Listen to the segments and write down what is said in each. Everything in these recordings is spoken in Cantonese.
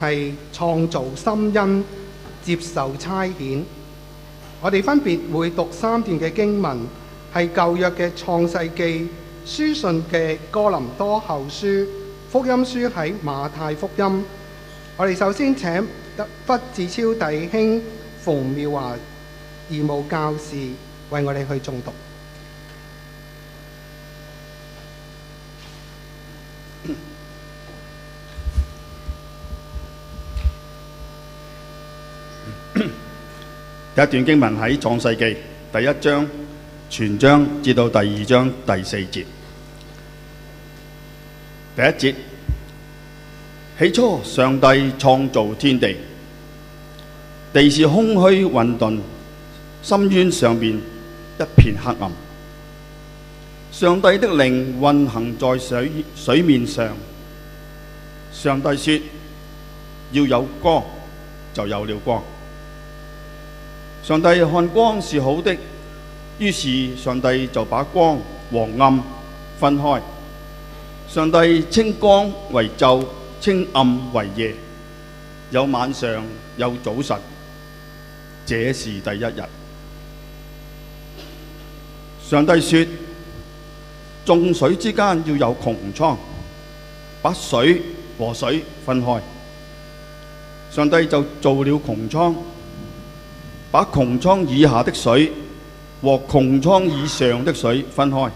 係創造心恩，接受差遣。我哋分別會讀三段嘅經文，係舊約嘅創世記、書信嘅哥林多後書、福音書喺馬太福音。我哋首先請得屈志超弟兄、馮妙華義務教士為我哋去誦讀。一段經文喺《創世記》第一章全章至到第二章第四節，第一節：起初，上帝創造天地，地是空虛混沌，深淵上面一片黑暗。上帝的靈運行在水水面上。上帝說：要有光，就有了光。上帝看光是好的，於是上帝就把光和暗分開。上帝稱光為晝，稱暗為夜，有晚上有早晨，這是第一日。上帝說：「眾水之間要有穹蒼，把水和水分開。」上帝就做了穹蒼。把穹蒼以下的水和穹蒼以上的水分開，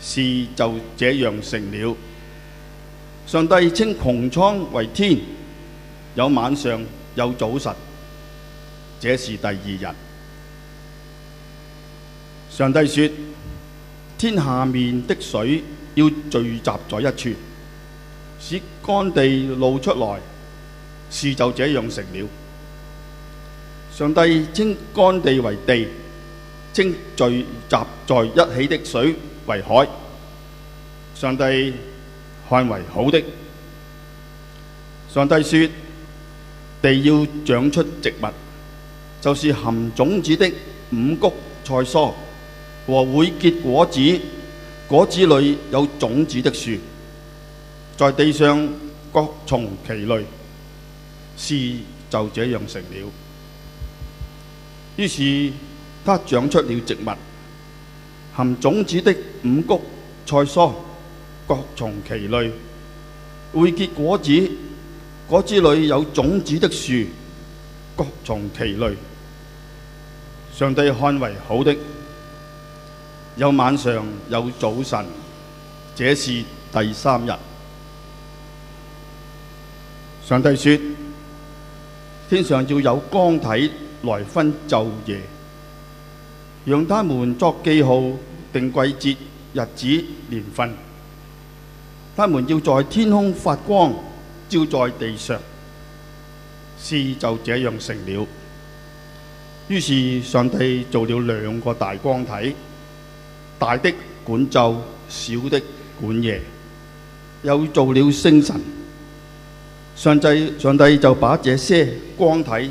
事就這樣成了。上帝稱穹蒼為天，有晚上有早晨，這是第二日。上帝說：天下面的水要聚集在一處，使乾地露出來，事就這樣成了。上帝稱乾地為地，稱聚集在一起的水為海。上帝看為好的。上帝説：地要長出植物，就是含種子的五穀菜蔬和會結果子、果子裏有種子的樹，在地上各從其類。事就這樣成了。於是，地長出了植物，含種子的五穀菜蔬，各從其類；會結果子，果子裏有種子的樹，各從其類。上帝看為好的，有晚上，有早晨，這是第三日。上帝說：天上要有光體。來分晝夜，讓他們作記號、定季節、日子、年份。他們要在天空發光，照在地上。事就這樣成了。於是上帝做了兩個大光體，大的管晝，小的管夜。又做了星辰。上帝上帝就把這些光體。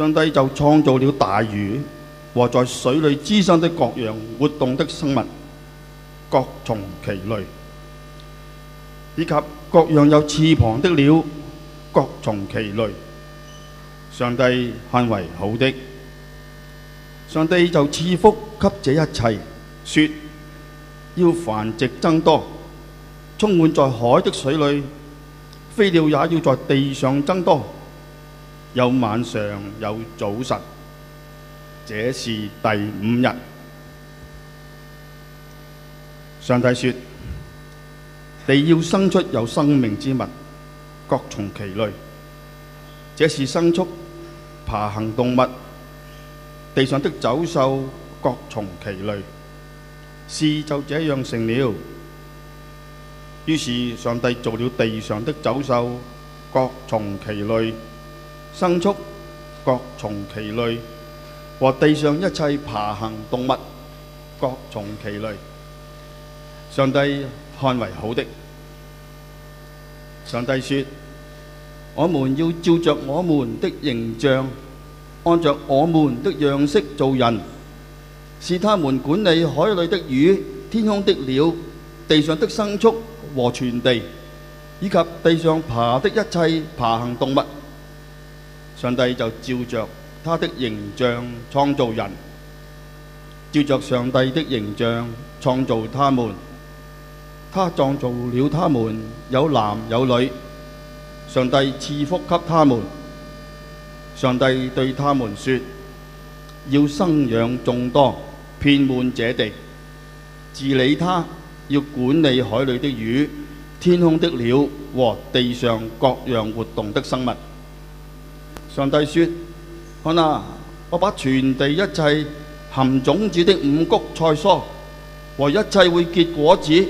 上帝就創造了大魚和在水裏滋生的各樣活動的生物，各從其類；以及各樣有翅膀的鳥，各從其類。上帝看為好的，上帝就賜福給這一切，說：要繁殖增多，充滿在海的水裏；飛鳥也要在地上增多。有晚上有早晨，這是第五日。上帝説：地要生出有生命之物，各從其類。這是牲畜、爬行動物，地上的走獸各從其類。事就這樣成了。於是上帝做了地上的走獸，各從其類。牲畜各從其類，和地上一切爬行動物各從其類。上帝看為好的，上帝說：我們要照着我們的形像，按著我們的樣式造人，使他們管理海裏的魚、天空的鳥、地上的牲畜和全地，以及地上爬的一切爬行動物。上帝就照着他的形象創造人，照着上帝的形象創造他們。他創造了他們，有男有女。上帝賜福給他們。上帝對他們說：要生養眾多，遍滿這地，治理他，要管理海裡的魚、天空的鳥和地上各樣活動的生物。上帝説：看哪，我把全地一切含種子的五穀菜蔬和一切會結果子、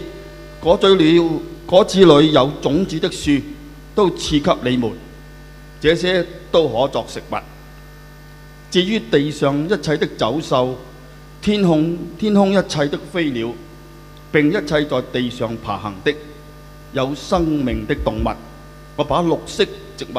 果子裏果子裏有種子的樹，都賜給你們，這些都可作食物。至於地上一切的走獸、天空天空一切的飛鳥，並一切在地上爬行的有生命的動物，我把綠色植物。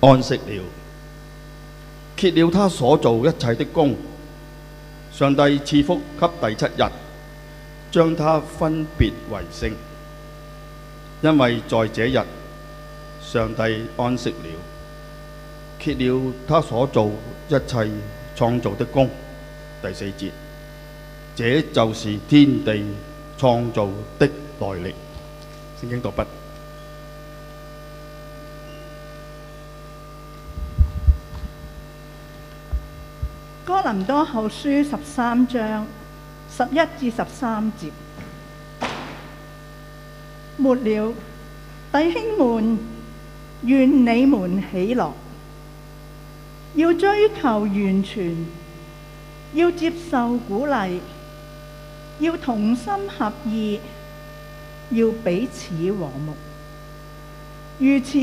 安息了，歇了他所做一切的工。上帝賜福給第七日，將他分別為聖，因為在這日，上帝安息了，歇了他所做一切創造的工。第四節，這就是天地創造的來歷。聖經讀畢。《哥林多後書》十三章十一至十三節，末了弟兄們，願你們喜樂，要追求完全，要接受鼓勵，要同心合意，要彼此和睦。如此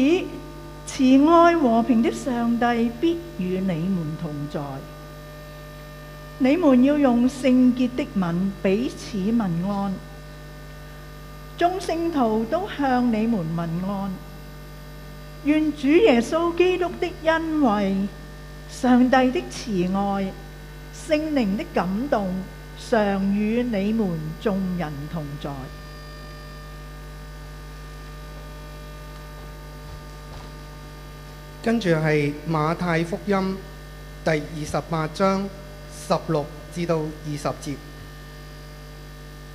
慈愛和平的上帝必與你們同在。你們要用聖潔的吻彼此問安，眾聖徒都向你們問安。願主耶穌基督的恩惠、上帝的慈愛、聖靈的感動，常與你們眾人同在。跟住係馬太福音第二十八章。十六至到二十節，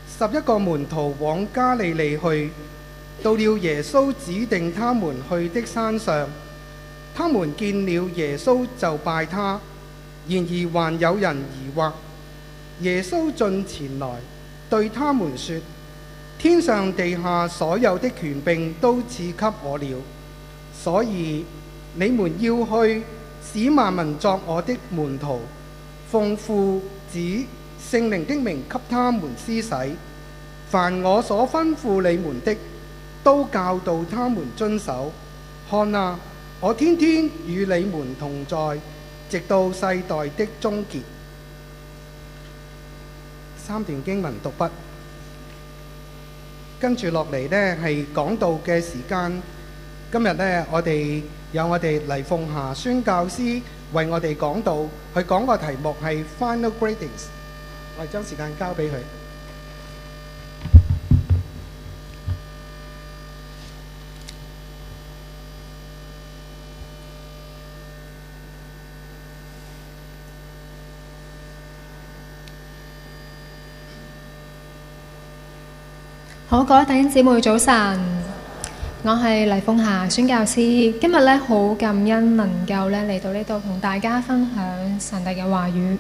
十一個門徒往加利利去，到了耶穌指定他們去的山上，他們見了耶穌就拜他。然而還有人疑惑。耶穌進前來對他們說：天上地下所有的權柄都賜給我了，所以你們要去使萬民作我的門徒。奉父子聖靈的名給他們施洗，凡我所吩咐你們的，都教導他們遵守。看啊，我天天與你們同在，直到世代的終結。三段經文讀畢。跟住落嚟呢係講道嘅時間。今日呢，我哋有我哋黎鳳霞宣教師。為我哋講到，佢講個題目係 Final Greetings。我哋將時間交俾佢。好，各位弟兄姊妹，早晨。我係黎鳳霞宣教師，今日咧好感恩能夠咧嚟到呢度同大家分享神帝嘅話語。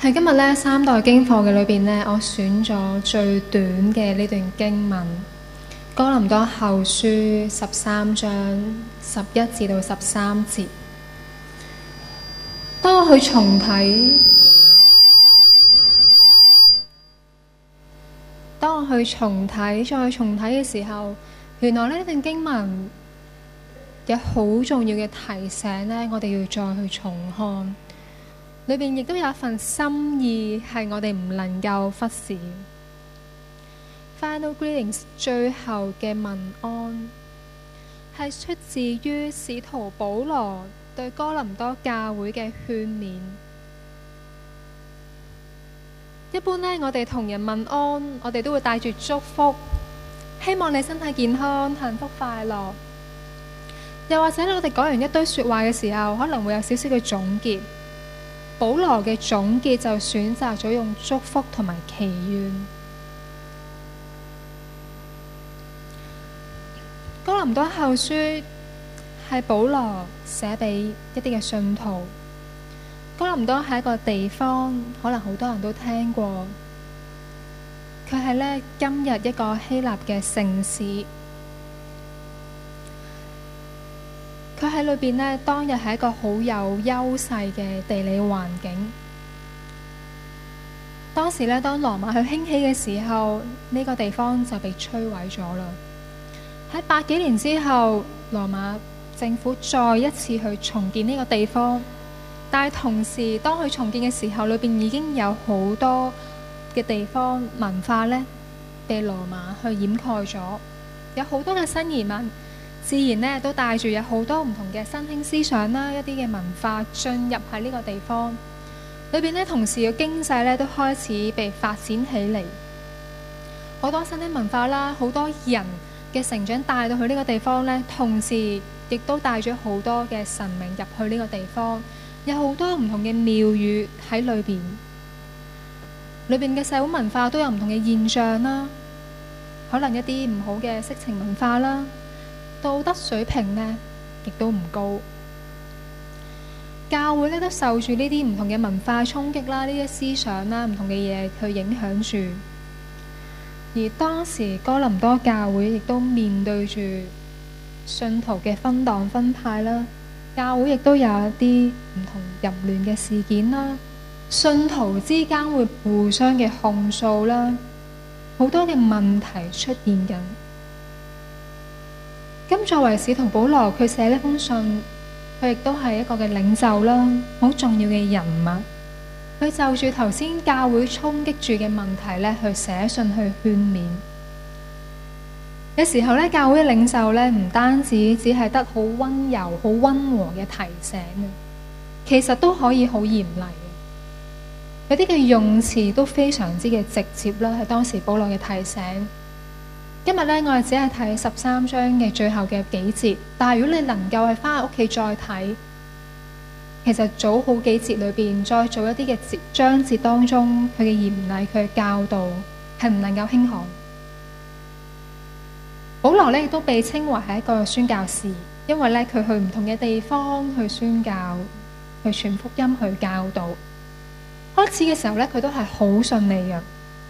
喺今日咧三代經課嘅裏邊咧，我選咗最短嘅呢段經文——哥林多後書十三章十一至到十三節。當我去重睇。去重睇，再重睇嘅時候，原來呢段經文有好重要嘅提醒呢，我哋要再去重看。裏邊亦都有一份心意係我哋唔能夠忽視。Final greetings，最後嘅問安，係出自於使徒保羅對哥林多教會嘅勸勉。一般呢，我哋同人問安，我哋都會帶住祝福，希望你身體健康、幸福快樂。又或者我哋講完一堆說話嘅時候，可能會有少少嘅總結。保羅嘅總結就選擇咗用祝福同埋祈願。哥林多後書係保羅寫俾一啲嘅信徒。哥林多係一個地方，可能好多人都聽過。佢係咧今日一個希臘嘅城市。佢喺裏邊咧，當日係一個好有優勢嘅地理環境。當時咧，當羅馬去興起嘅時候，呢、呢個地方就被摧毀咗啦。喺百幾年之後，羅馬政府再一次去重建呢個地方。但係同時，當佢重建嘅時候，裏邊已經有好多嘅地方文化呢被羅馬去掩蓋咗。有好多嘅新移民，自然呢都帶住有好多唔同嘅新興思想啦，一啲嘅文化進入喺呢個地方裏邊呢，同時嘅經濟呢都開始被發展起嚟，好多新興文化啦，好多人嘅成長帶到去呢個地方呢，同時亦都帶咗好多嘅神明入去呢個地方。有好多唔同嘅廟宇喺裏邊，裏邊嘅社會文化都有唔同嘅現象啦，可能一啲唔好嘅色情文化啦，道德水平呢亦都唔高，教會呢都受住呢啲唔同嘅文化衝擊啦，呢啲思想啦，唔同嘅嘢去影響住，而當時哥林多教會亦都面對住信徒嘅分黨分派啦。教會亦都有一啲唔同淫亂嘅事件啦，信徒之間會互相嘅控訴啦，好多嘅問題出現緊。咁作為使徒保羅，佢寫呢封信，佢亦都係一個嘅領袖啦，好重要嘅人物。佢就住頭先教會衝擊住嘅問題咧，去寫信去勸勉。有時候呢教會領袖呢，唔單止只係得好溫柔、好溫和嘅提醒，其實都可以好嚴厲。有啲嘅用詞都非常之嘅直接啦，係當時保羅嘅提醒。今日呢，我哋只係睇十三章嘅最後嘅幾節，但係如果你能夠係翻去屋企再睇，其實早好幾節裏邊，再做一啲嘅節章節當中，佢嘅嚴厲、佢嘅教導係唔能夠輕看。保羅呢亦都被稱為係一個宣教士，因為呢，佢去唔同嘅地方去宣教，去傳福音，去教導。開始嘅時候呢，佢都係好順利嘅，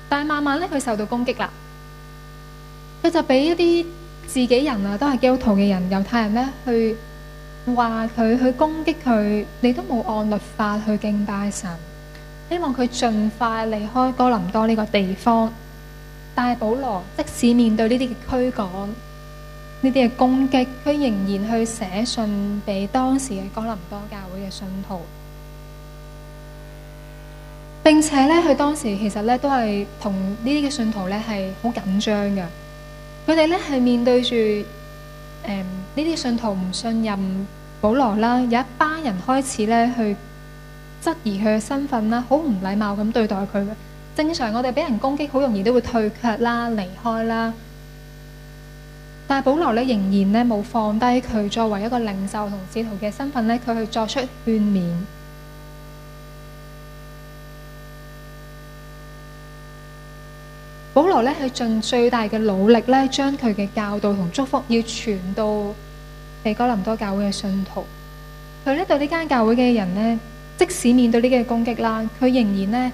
但係慢慢呢，佢受到攻擊啦。佢就俾一啲自己人啊，都係基督徒嘅人，猶太人呢，去話佢去攻擊佢，你都冇按律法去敬拜神。希望佢盡快離開哥林多呢個地方。但係保羅即使面對呢啲嘅驅趕、呢啲嘅攻擊，佢仍然去寫信俾當時嘅哥林多教會嘅信徒，並且呢佢當時其實呢都係同呢啲嘅信徒呢係好緊張嘅。佢哋呢係面對住誒呢啲信徒唔信任保羅啦，有一班人開始呢去質疑佢嘅身份啦，好唔禮貌咁對待佢嘅。正常我哋俾人攻擊，好容易都會退卻啦，離開啦。但係保羅咧仍然咧冇放低佢作為一個領袖同使徒嘅身份咧，佢去作出勸勉。保羅咧係盡最大嘅努力咧，將佢嘅教導同祝福要傳到俾哥林多教會嘅信徒。佢咧對呢間教會嘅人咧，即使面對呢個攻擊啦，佢仍然咧。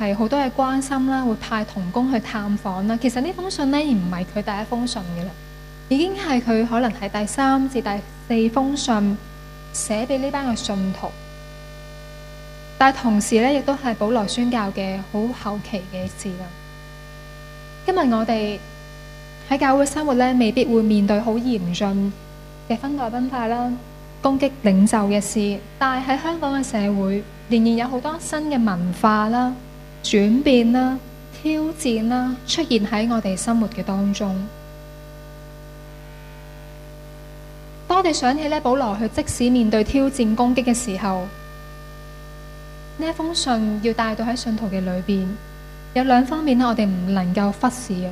係好多嘅關心啦，會派同工去探訪啦。其實呢封信呢，而唔係佢第一封信嘅啦，已經係佢可能係第三至第四封信寫俾呢班嘅信徒。但係同時呢，亦都係保羅宣教嘅好後期嘅事啦。今日我哋喺教會生活呢，未必會面對好嚴峻嘅分外崩派啦、攻擊領袖嘅事。但係喺香港嘅社會，仍然有好多新嘅文化啦。轉變啦、啊，挑戰啦、啊，出現喺我哋生活嘅當中。當我哋想起呢，保羅去即使面對挑戰攻擊嘅時候，呢一封信要帶到喺信徒嘅裏邊，有兩方面我哋唔能夠忽視嘅。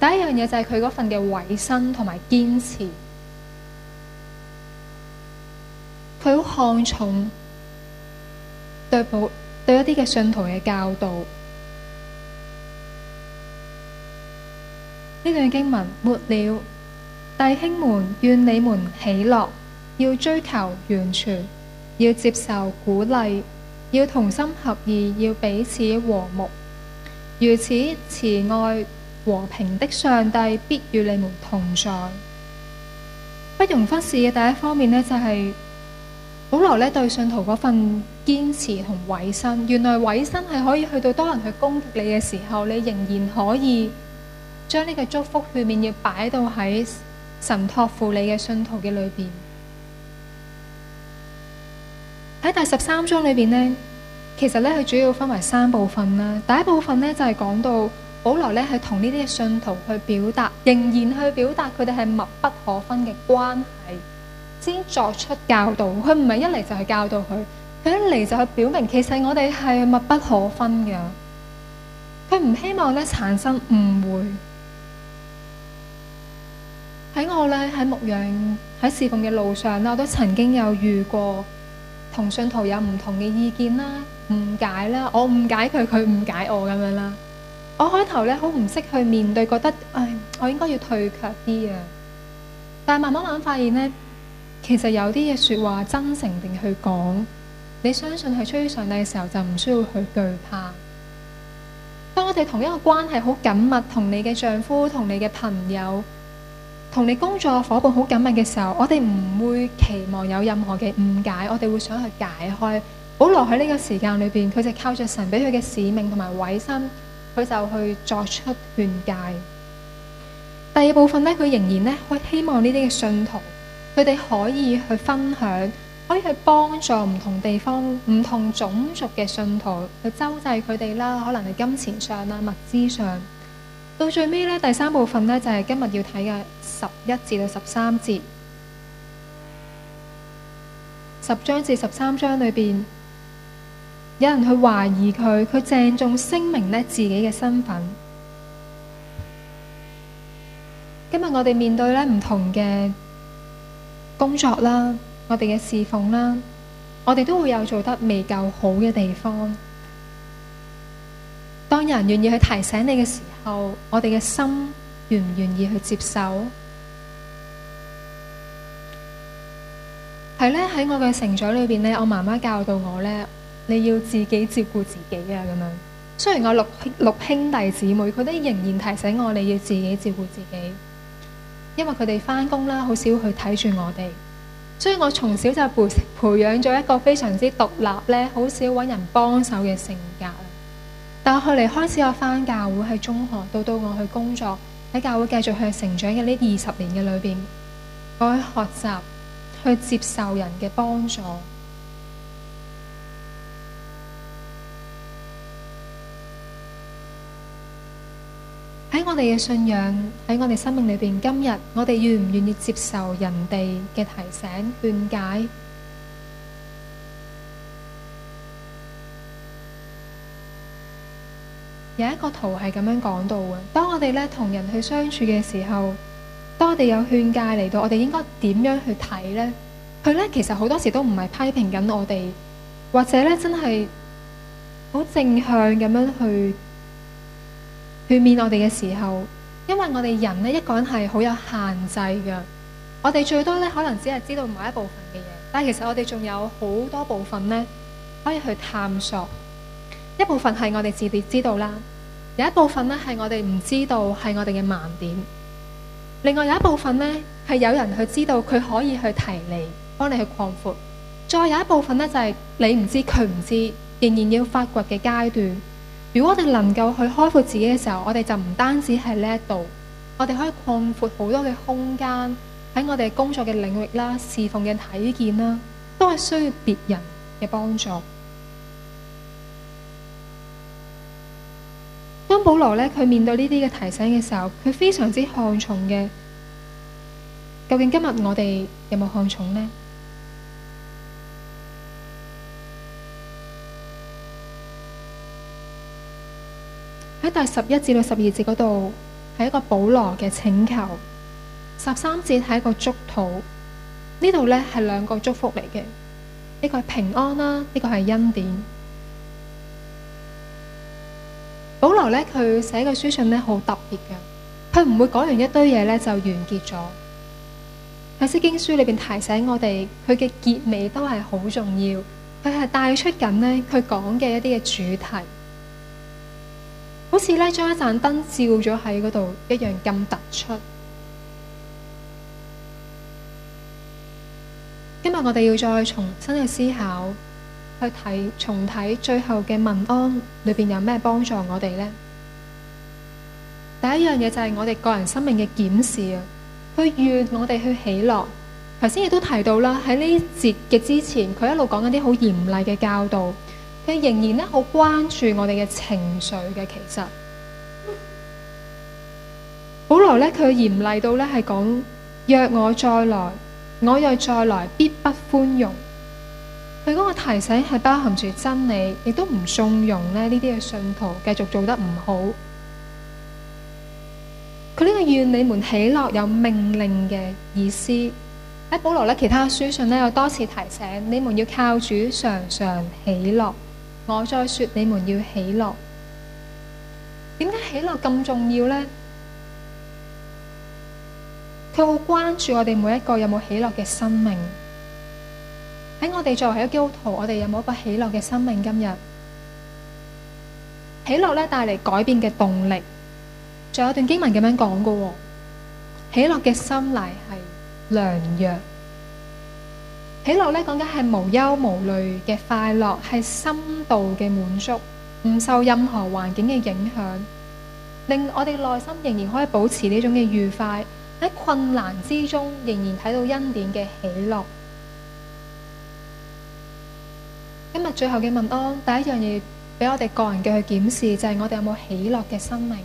第一樣嘢就係佢嗰份嘅委身同埋堅持，佢好看重對保。對一啲嘅信徒嘅教導，呢段經文末了，弟兄們，願你們喜樂，要追求完全，要接受鼓勵，要同心合意，要彼此和睦。如此慈愛和平的上帝必與你們同在。不容忽視嘅第一方面呢，就係、是。保羅咧對信徒嗰份堅持同委身，原來委身係可以去到多人去攻擊你嘅時候，你仍然可以將呢個祝福去面要擺到喺神託付你嘅信徒嘅裏邊。喺第十三章裏邊呢，其實咧佢主要分為三部分啦。第一部分咧就係、是、講到保羅咧係同呢啲信徒去表達，仍然去表達佢哋係密不可分嘅關係。先作出教導，佢唔係一嚟就去教導佢，佢一嚟就去表明，其實我哋係密不可分嘅。佢唔希望咧產生誤會。喺我咧喺牧羊喺侍奉嘅路上啦，我都曾經有遇過同信徒有唔同嘅意見啦、誤解啦，我誤解佢，佢誤解我咁樣啦。我開頭咧好唔識去面對，覺得唉，我應該要退卻啲啊。但係慢慢慢慢發現咧。其實有啲嘢説話真誠定去講，你相信係出於上帝嘅時候，就唔需要去懼怕。當我哋同一個關係好緊密，同你嘅丈夫、同你嘅朋友、同你工作伙伴好緊密嘅時候，我哋唔會期望有任何嘅誤解，我哋會想去解開。保羅喺呢個時間裏邊，佢就靠着神俾佢嘅使命同埋委身，佢就去作出勸戒。第二部分呢，佢仍然呢，佢希望呢啲嘅信徒。佢哋可以去分享，可以去幫助唔同地方、唔同種族嘅信徒去周濟佢哋啦，可能係金錢上啦、物資上。到最尾咧，第三部分呢，就係、是、今日要睇嘅十一至到十三節，十章至十三章裏邊，有人去懷疑佢，佢鄭重聲明呢自己嘅身份。今日我哋面對呢唔同嘅。工作啦，我哋嘅侍奉啦，我哋都會有做得未夠好嘅地方。當人願意去提醒你嘅時候，我哋嘅心願唔願意去接受？係呢，喺我嘅成長裏邊呢，我媽媽教導我呢，你要自己照顧自己啊！咁樣，雖然我六六兄弟姊妹，佢都仍然提醒我，你要自己照顧自己。因為佢哋返工啦，好少去睇住我哋，所以我從小就培培養咗一個非常之獨立呢，好少揾人幫手嘅性格。但係後嚟開始我返教會喺中學，到到我去工作喺教會繼續去成長嘅呢二十年嘅裏邊，我去學習去接受人嘅幫助。喺我哋嘅信仰，喺我哋生命裏邊。今日我哋願唔願意接受人哋嘅提醒、勸解？有一個圖係咁樣講到嘅。當我哋咧同人去相處嘅時候，當我哋有勸誡嚟到，我哋應該點樣去睇呢？佢咧其實好多時都唔係批評緊我哋，或者咧真係好正向咁樣去。去面我哋嘅時候，因為我哋人呢，一個人係好有限制嘅，我哋最多呢可能只係知道某一部分嘅嘢，但係其實我哋仲有好多部分呢，可以去探索。一部分係我哋自己知道啦，有一部分呢係我哋唔知道，係我哋嘅盲點。另外有一部分呢，係有人去知道，佢可以去提你，幫你去擴闊。再有一部分呢，就係你唔知佢唔知，仍然要發掘嘅階段。如果我哋能夠去開闊自己嘅時候，我哋就唔單止係呢一度，我哋可以擴闊好多嘅空間喺我哋工作嘅領域啦、侍奉嘅體驗啦，都係需要別人嘅幫助。當保羅呢，佢面對呢啲嘅提醒嘅時候，佢非常之看重嘅。究竟今日我哋有冇看重呢？喺第十一至到十二節嗰度，係一個保羅嘅請求。十三節係一個祝禱。呢度咧係兩個祝福嚟嘅，呢個係平安啦，呢個係恩典。保羅咧佢寫嘅書信咧好特別嘅，佢唔會講完一堆嘢咧就完結咗。有詩經書裡邊提醒我哋，佢嘅結尾都係好重要，佢係帶出緊呢，佢講嘅一啲嘅主題。好似呢，將一盞燈照咗喺嗰度一樣咁突出。今日我哋要再重新去思考，去睇重睇最後嘅問安裏邊有咩幫助我哋呢？第一樣嘢就係我哋個人生命嘅檢視啊，去願我哋去喜樂。頭先亦都提到啦，喺呢節嘅之前，佢一路講緊啲好嚴厲嘅教導。佢仍然咧好關注我哋嘅情緒嘅，其實保羅呢，佢嚴厲到咧係講：若我再來，我又再來，必不寬容。佢嗰個提醒係包含住真理，亦都唔縱容咧呢啲嘅信徒繼續做得唔好。佢呢個願你們喜樂有命令嘅意思。喺保羅呢，其他書信呢，有多次提醒你們要靠主常常喜樂。我再說，你們要喜樂。點解喜樂咁重要呢？佢好關注我哋每一個有冇喜樂嘅生命。喺我哋作為一個基督徒，我哋有冇一個喜樂嘅生命？今日喜樂呢帶嚟改變嘅動力。仲有段經文咁樣講過，喜樂嘅心乃係良藥。喜樂呢，講緊係無憂無慮嘅快樂，係深度嘅滿足，唔受任何環境嘅影響，令我哋內心仍然可以保持呢種嘅愉快。喺困難之中，仍然睇到恩典嘅喜樂。今日最後嘅問安，第一樣嘢俾我哋個人嘅去檢視，就係我哋有冇喜樂嘅生命。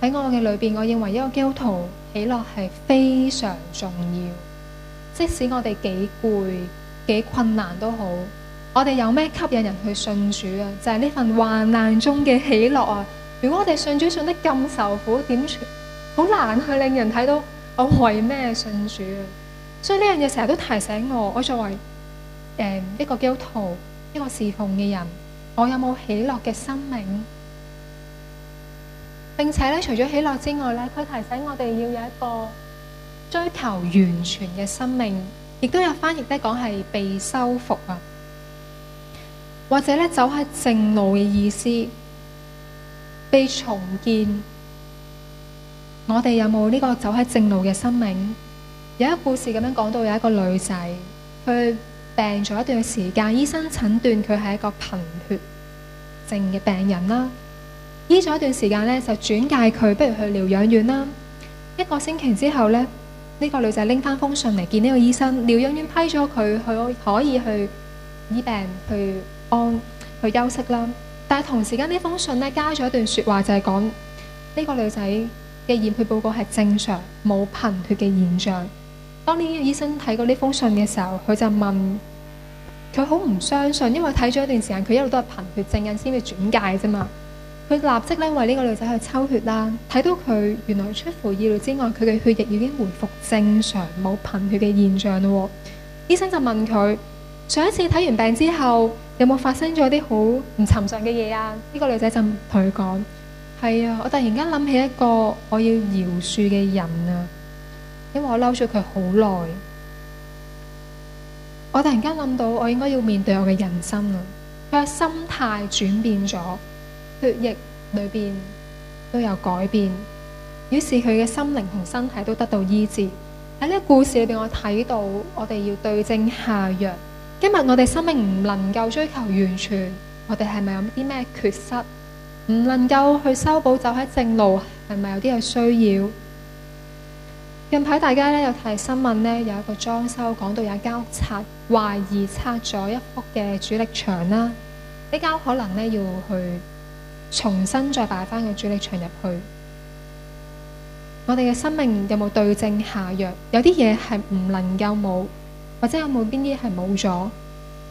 喺我嘅裏邊，我認為一個基督徒喜樂係非常重要。即使我哋幾攰幾困難都好，我哋有咩吸引人去信主啊？就係呢份患難中嘅喜樂啊！如果我哋信主信得咁受苦，點算好難去令人睇到我為咩信主啊？所以呢樣嘢成日都提醒我，我作為誒一個基督徒，一個侍奉嘅人，我有冇喜樂嘅生命，並且咧除咗喜樂之外咧，佢提醒我哋要有一個。追求完全嘅生命，亦都有翻譯得講係被修復啊，或者咧走喺正路嘅意思，被重建。我哋有冇呢個走喺正路嘅生命？有一個故事咁樣講到，有一個女仔佢病咗一段時間，醫生診斷佢係一個貧血症嘅病人啦。醫咗一段時間咧，就轉介佢不如去療養院啦。一個星期之後咧。呢個女仔拎翻封信嚟見呢個醫生，療養院批咗佢去可以去醫病、去安、去休息啦。但係同時間呢封信咧加咗一段説話就說，就係講呢個女仔嘅驗血報告係正常，冇貧血嘅現象。當呢個醫生睇過呢封信嘅時候，佢就問：佢好唔相信？因為睇咗一段時間，佢一路都係貧血症，先至轉介啫嘛。佢立即咧為呢個女仔去抽血啦，睇到佢原來出乎意料之外，佢嘅血液已經回復正常，冇貧血嘅現象咯。醫生就問佢：上一次睇完病之後，有冇發生咗啲好唔尋常嘅嘢啊？呢個女仔就同佢講：係啊，我突然間諗起一個我要饒恕嘅人啊，因為我嬲咗佢好耐。我突然間諗到，我應該要面對我嘅人生啊，佢嘅心態轉變咗。血液裏邊都有改變，於是佢嘅心靈同身體都得到醫治。喺呢個故事裏邊，我睇到我哋要對症下藥。今日我哋生命唔能夠追求完全，我哋係咪有啲咩缺失？唔能夠去修補，走喺正路係咪有啲嘅需要？近排大家呢有睇新聞呢有一個裝修講到有一間屋拆，懷疑拆咗一幅嘅主力牆啦。呢間屋可能呢要去。重新再擺翻個主力場入去，我哋嘅生命有冇對症下藥？有啲嘢，係唔能夠冇，或者有冇邊啲係冇咗？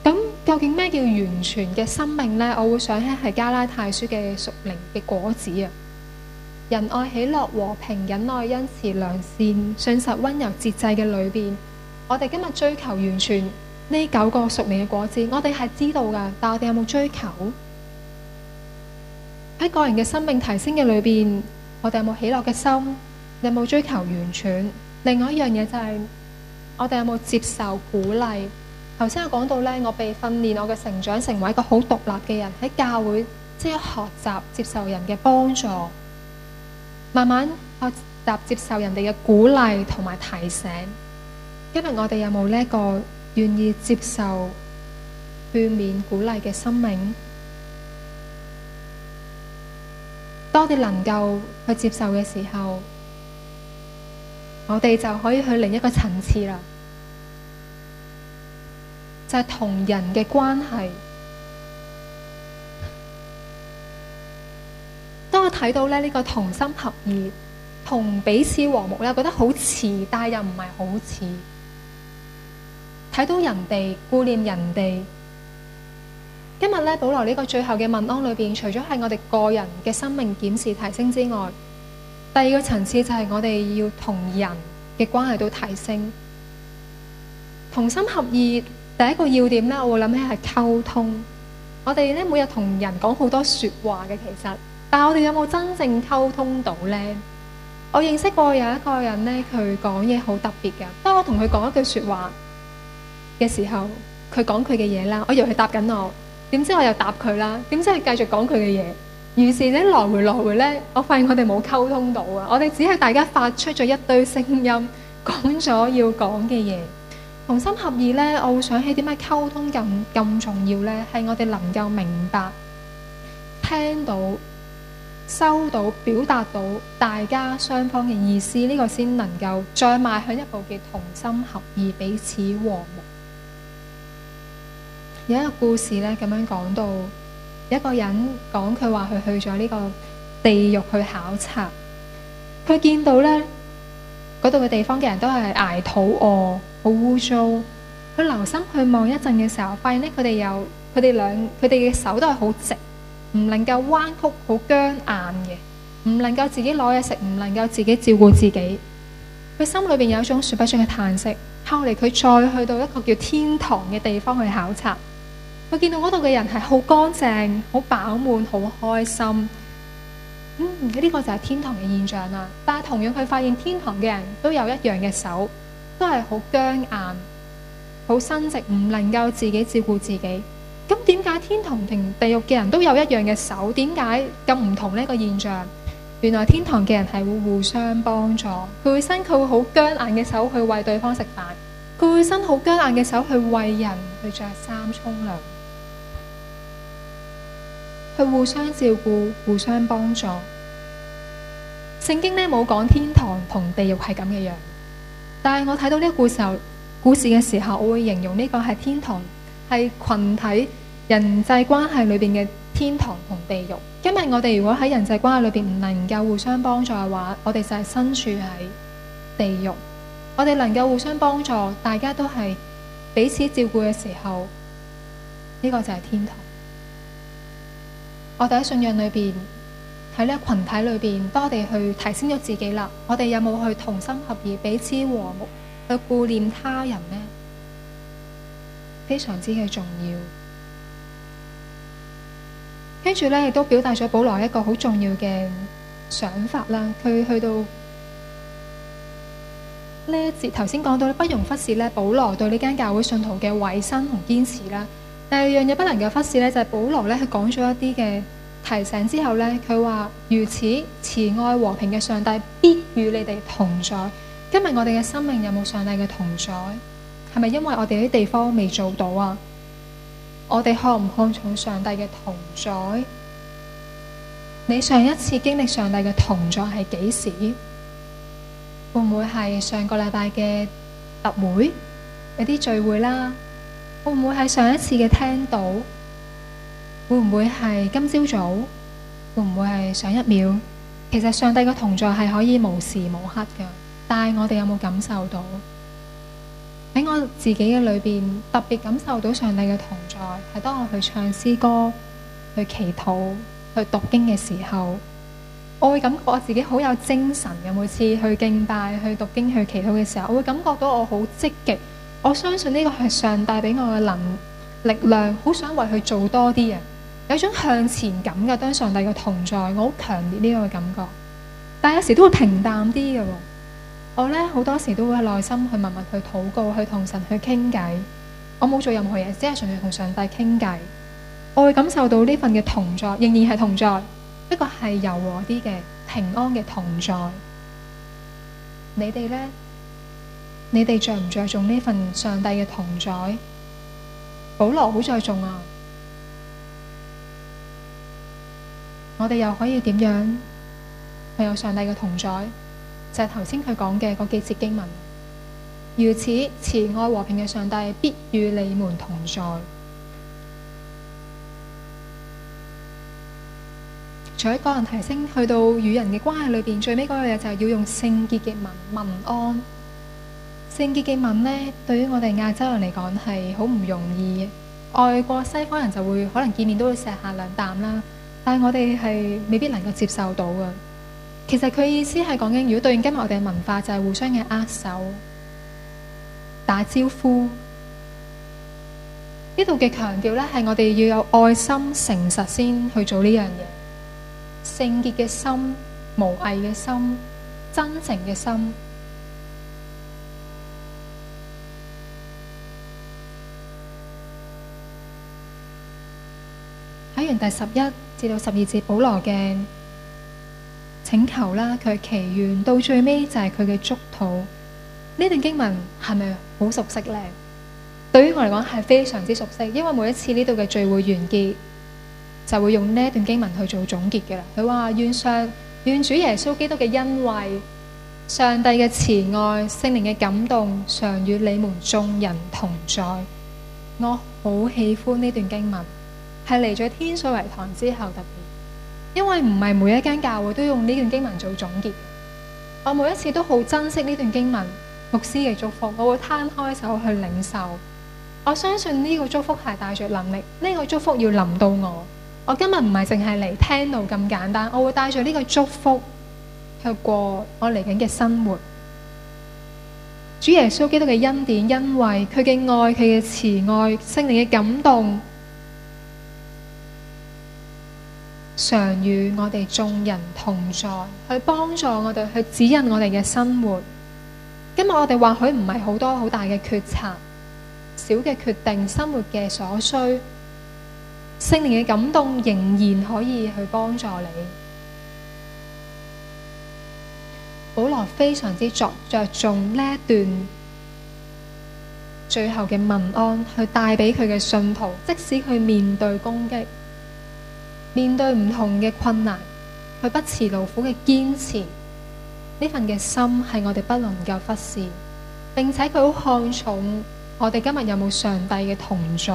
咁究竟咩叫完全嘅生命呢？我會想咧係加拉太書嘅屬靈嘅果子啊！仁愛、喜樂、和平、忍耐、恩慈、良善、信實、溫柔、節制嘅裏邊，我哋今日追求完全呢九個屬靈嘅果子，我哋係知道噶，但我哋有冇追求？喺個人嘅生命提升嘅裏邊，我哋有冇喜樂嘅心？你有冇追求完全？另外一樣嘢就係、是、我哋有冇接受鼓勵？頭先我講到呢，我被訓練，我嘅成長成為一個好獨立嘅人。喺教會即係學習接受人嘅幫助，慢慢學習接受人哋嘅鼓勵同埋提醒。今日我哋有冇呢一個願意接受勸勉鼓勵嘅生命？當你能夠去接受嘅時候，我哋就可以去另一個層次啦。就係、是、同人嘅關係，當我睇到咧呢、這個同心合意、同彼此和睦咧，覺得好似，但係又唔係好似，睇到人哋顧念人哋。今日咧，保羅呢個最後嘅問安裏邊，除咗係我哋個人嘅生命檢視提升之外，第二個層次就係我哋要同人嘅關係都提升，同心合意。第一個要點咧，我會諗起係溝通。我哋咧每日同人講好多說話嘅，其實，但係我哋有冇真正溝通到咧？我認識過有一個人咧，佢講嘢好特別嘅。當我同佢講一句說話嘅時候，佢講佢嘅嘢啦，我以為佢答緊我。點知我又答佢啦，點知係繼續講佢嘅嘢。於是咧，來回來回咧，我發現我哋冇溝通到啊！我哋只係大家發出咗一堆聲音，講咗要講嘅嘢。同心合意咧，我會想起點解溝通咁咁重要咧？係我哋能夠明白、聽到、收到、表達到大家雙方嘅意思，呢個先能夠再邁向一步嘅同心合意，彼此和睦。有一個故事咧，咁樣講到，一個人講佢話佢去咗呢個地獄去考察，佢見到呢，嗰度嘅地方嘅人都係捱肚餓，好污糟。佢留心去望一陣嘅時候，發現呢，佢哋有佢哋兩佢哋嘅手都係好直，唔能夠彎曲，好僵硬嘅，唔能夠自己攞嘢食，唔能夠自己照顧自己。佢心裏邊有一種說不出嘅嘆息。後嚟佢再去到一個叫天堂嘅地方去考察。佢見到嗰度嘅人係好乾淨、好飽滿、好開心。嗯，呢個就係天堂嘅現象啦。但係同樣佢發現天堂嘅人都有一樣嘅手，都係好僵硬、好伸直，唔能夠自己照顧自己。咁點解天堂同地獄嘅人都有一樣嘅手？點解咁唔同呢個現象？原來天堂嘅人係會互相幫助，佢會伸佢會好僵硬嘅手去餵對方食飯，佢會伸好僵硬嘅手去餵人、去着衫、沖涼。去互相照顧，互相幫助。聖經呢，冇講天堂同地獄係咁嘅樣，但係我睇到呢個故事嘅時候，我會形容呢個係天堂，係群體人際關係裏邊嘅天堂同地獄。因為我哋如果喺人際關係裏邊唔能夠互相幫助嘅話，我哋就係身處喺地獄。我哋能夠互相幫助，大家都係彼此照顧嘅時候，呢個就係天堂。我哋喺信仰裏邊，喺呢個群體裏邊，幫我哋去提升咗自己啦。我哋有冇去同心合意、彼此和睦、去顧念他人呢？非常之嘅重要。跟住呢，亦都表達咗保羅一個好重要嘅想法啦。佢去到呢一節，頭先講到不容忽視呢，保羅對呢間教會信徒嘅委身同堅持啦。第二樣嘢不能夠忽視呢，就係、是、保羅呢，佢講咗一啲嘅提醒之後呢，佢話，如此慈愛和平嘅上帝必與你哋同在。今日我哋嘅生命有冇上帝嘅同在？係咪因為我哋啲地方未做到啊？我哋看唔看重上帝嘅同在？你上一次經歷上帝嘅同在係幾時？會唔會係上個禮拜嘅特會？有啲聚會啦。會唔會係上一次嘅聽到？會唔會係今朝早？會唔會係上一秒？其實上帝嘅同在係可以無時無刻嘅，但係我哋有冇感受到？喺我自己嘅裏邊，特別感受到上帝嘅同在，係當我去唱詩歌、去祈禱、去讀經嘅時候，我會感覺我自己好有精神嘅。每次去敬拜、去讀經、去祈禱嘅時候，我會感覺到我好積極。我相信呢個係上帝俾我嘅能力量，好想為佢做多啲嘅，有種向前感嘅。當上帝嘅同在，我好強烈呢個感覺。但有時都會平淡啲嘅。我呢，好多時都會喺內心去默默去禱告，去同神去傾偈。我冇做任何嘢，只係純粹同上帝傾偈。我會感受到呢份嘅同在，仍然係同在，不過係柔和啲嘅、平安嘅同在。你哋呢？你哋着唔著重呢份上帝嘅同在？保羅好著重啊！我哋又可以點樣享有上帝嘅同在？就係頭先佢講嘅嗰幾節經文，如此慈愛和平嘅上帝必與你們同在。除咗個人提升去到與人嘅關係裏邊，最尾嗰樣嘢，就係要用聖潔嘅文文安。聖潔嘅吻呢，對於我哋亞洲人嚟講係好唔容易嘅。外國西方人就會可能見面都會錫下兩啖啦，但係我哋係未必能夠接受到嘅。其實佢意思係講緊，如果對應今日我哋嘅文化，就係互相嘅握手、打招呼。呢度嘅強調呢，係我哋要有愛心、誠實先去做呢樣嘢。聖潔嘅心、無偽嘅心、真誠嘅心。第十一至到十二節，保羅嘅請求啦，佢祈願到最尾就係佢嘅祝禱。呢段經文係咪好熟悉呢？對於我嚟講係非常之熟悉，因為每一次呢度嘅聚會完結，就會用呢一段經文去做總結嘅啦。佢話，願上願主耶穌基督嘅恩惠、上帝嘅慈愛、聖靈嘅感動，常與你們眾人同在。我好喜歡呢段經文。係嚟咗天水圍堂之後特別，因為唔係每一間教會都用呢段經文做總結。我每一次都好珍惜呢段經文，牧師嘅祝福，我會攤開手去領受。我相信呢個祝福係帶着能力，呢、這個祝福要臨到我。我今日唔係淨係嚟聽到咁簡單，我會帶着呢個祝福去過我嚟緊嘅生活。主耶穌基督嘅恩典、因為，佢嘅愛，佢嘅慈愛，聖靈嘅感動。常與我哋眾人同在，去幫助我哋，去指引我哋嘅生活。今日我哋或許唔係好多好大嘅決策，小嘅決定，生活嘅所需，聖靈嘅感動仍然可以去幫助你。保羅非常之著着重呢一段最後嘅文案，去帶俾佢嘅信徒，即使佢面對攻擊。面對唔同嘅困難，去不辭勞苦嘅堅持，呢份嘅心係我哋不能夠忽視，並且佢好看重我哋今日有冇上帝嘅同在。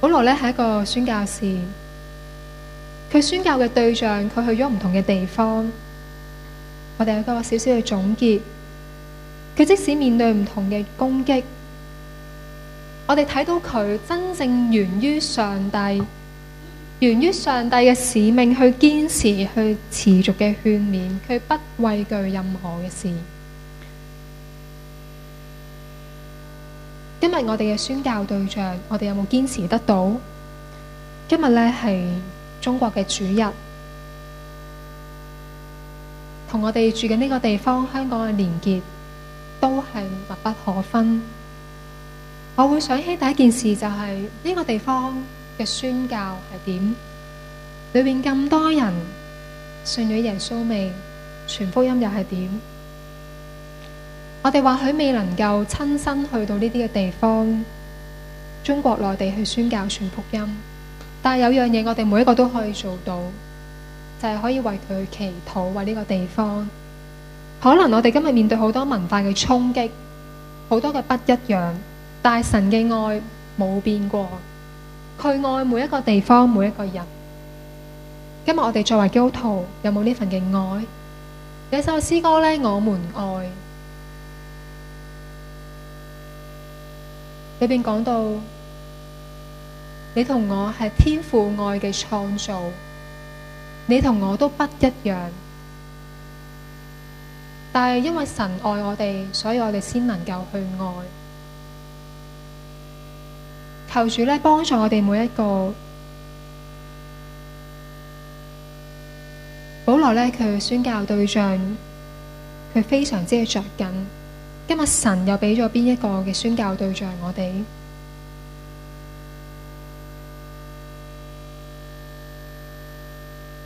保羅呢係一個宣教士，佢宣教嘅對象，佢去咗唔同嘅地方。我哋有個少少嘅總結，佢即使面對唔同嘅攻擊，我哋睇到佢真正源於上帝。源於上帝嘅使命，去堅持，去持續嘅勸勉，佢不畏懼任何嘅事。今日我哋嘅宣教對象，我哋有冇堅持得到？今日呢，係中國嘅主日，同我哋住嘅呢個地方，香港嘅連結都係密不可分。我會想起第一件事就係呢個地方。嘅宣教係點？裏邊咁多人信咗耶穌未？傳福音又係點？我哋或許未能夠親身去到呢啲嘅地方，中國內地去宣教傳福音。但係有樣嘢，我哋每一個都可以做到，就係、是、可以為佢祈禱，為呢個地方。可能我哋今日面對好多文化嘅衝擊，好多嘅不一樣，但係神嘅愛冇變過。去愛每一個地方，每一個人。今日我哋作為基督徒，有冇呢份嘅愛？有首詩歌呢，「我們愛」裏邊講到，你同我係天父愛嘅創造，你同我都不一樣，但係因為神愛我哋，所以我哋先能夠去愛。求主呢，幫助我哋每一個。保羅呢，佢宣教對象，佢非常之着緊。今日神又俾咗邊一個嘅宣教對象我哋？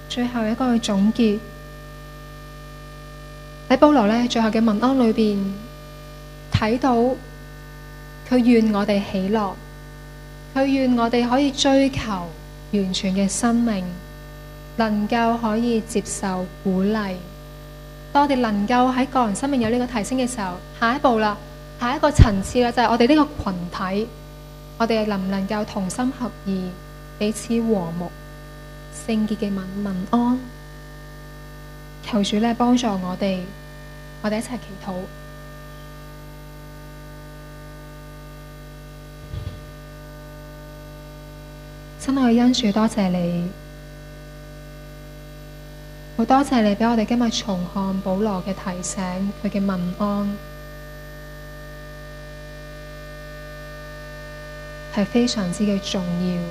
最後一個嘅總結喺保羅最後嘅文案裏面，睇到佢願我哋喜樂。佢願我哋可以追求完全嘅生命，能夠可以接受鼓勵，當我哋能夠喺個人生命有呢個提升嘅時候，下一步啦，下一個層次啦，就係、是、我哋呢個群體，我哋能唔能夠同心合意，彼此和睦、聖潔嘅民民安，求主呢，幫助我哋，我哋一齊祈禱。親愛的恩主，多謝你，好多謝你俾我哋今日重看保羅嘅提醒，佢嘅問安係非常之嘅重要。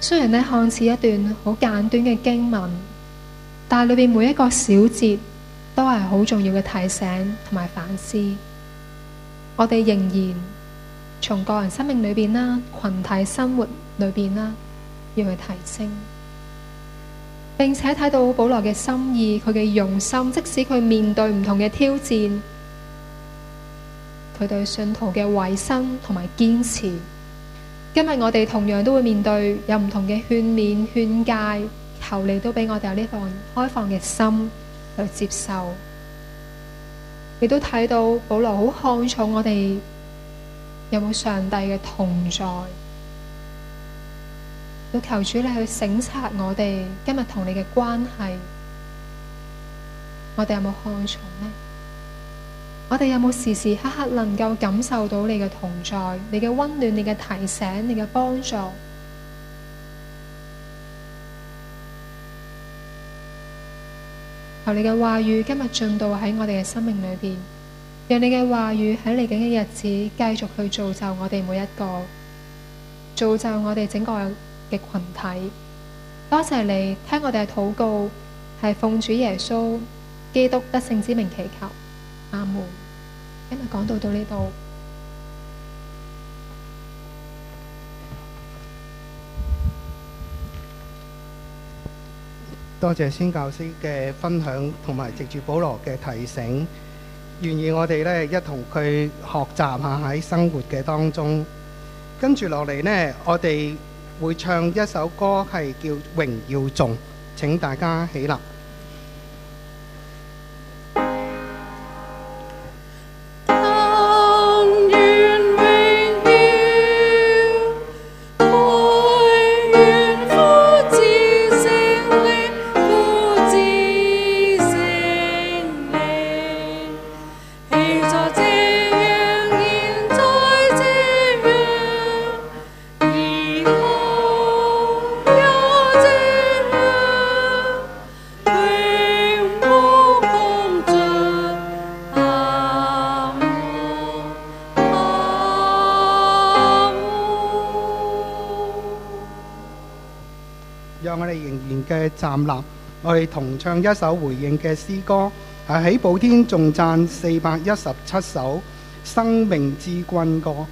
雖然呢看似一段好簡短嘅經文，但係裏面每一個小節都係好重要嘅提醒同埋反思。我哋仍然。從個人生命裏邊啦，群體生活裏邊啦，要去提升，並且睇到保羅嘅心意，佢嘅用心，即使佢面對唔同嘅挑戰，佢對信徒嘅維生同埋堅持。今日我哋同樣都會面對有唔同嘅勸勉、勸誡，求你都俾我哋有呢份開放嘅心去接受。亦都睇到保羅好看重我哋。有冇上帝嘅同在？要求主你去省察我哋今日同你嘅關係，我哋有冇看重呢？我哋有冇時時刻刻能夠感受到你嘅同在，你嘅溫暖，你嘅提醒，你嘅幫助，求你嘅話語今日進到喺我哋嘅生命裏邊。讓你嘅話語喺嚟緊嘅日子，繼續去造就我哋每一個，造就我哋整個嘅群體。多謝你聽我哋嘅禱告，係奉主耶穌基督得勝之名祈求。阿門。今日講到到呢度，多謝宣教師嘅分享，同埋藉住保羅嘅提醒。願意我哋咧一同去學習下喺生活嘅當中，跟住落嚟咧，我哋會唱一首歌，係叫榮耀頌。請大家起立。同唱一首回應嘅詩歌，喺普天頌讚四百一十七首生命之軍歌。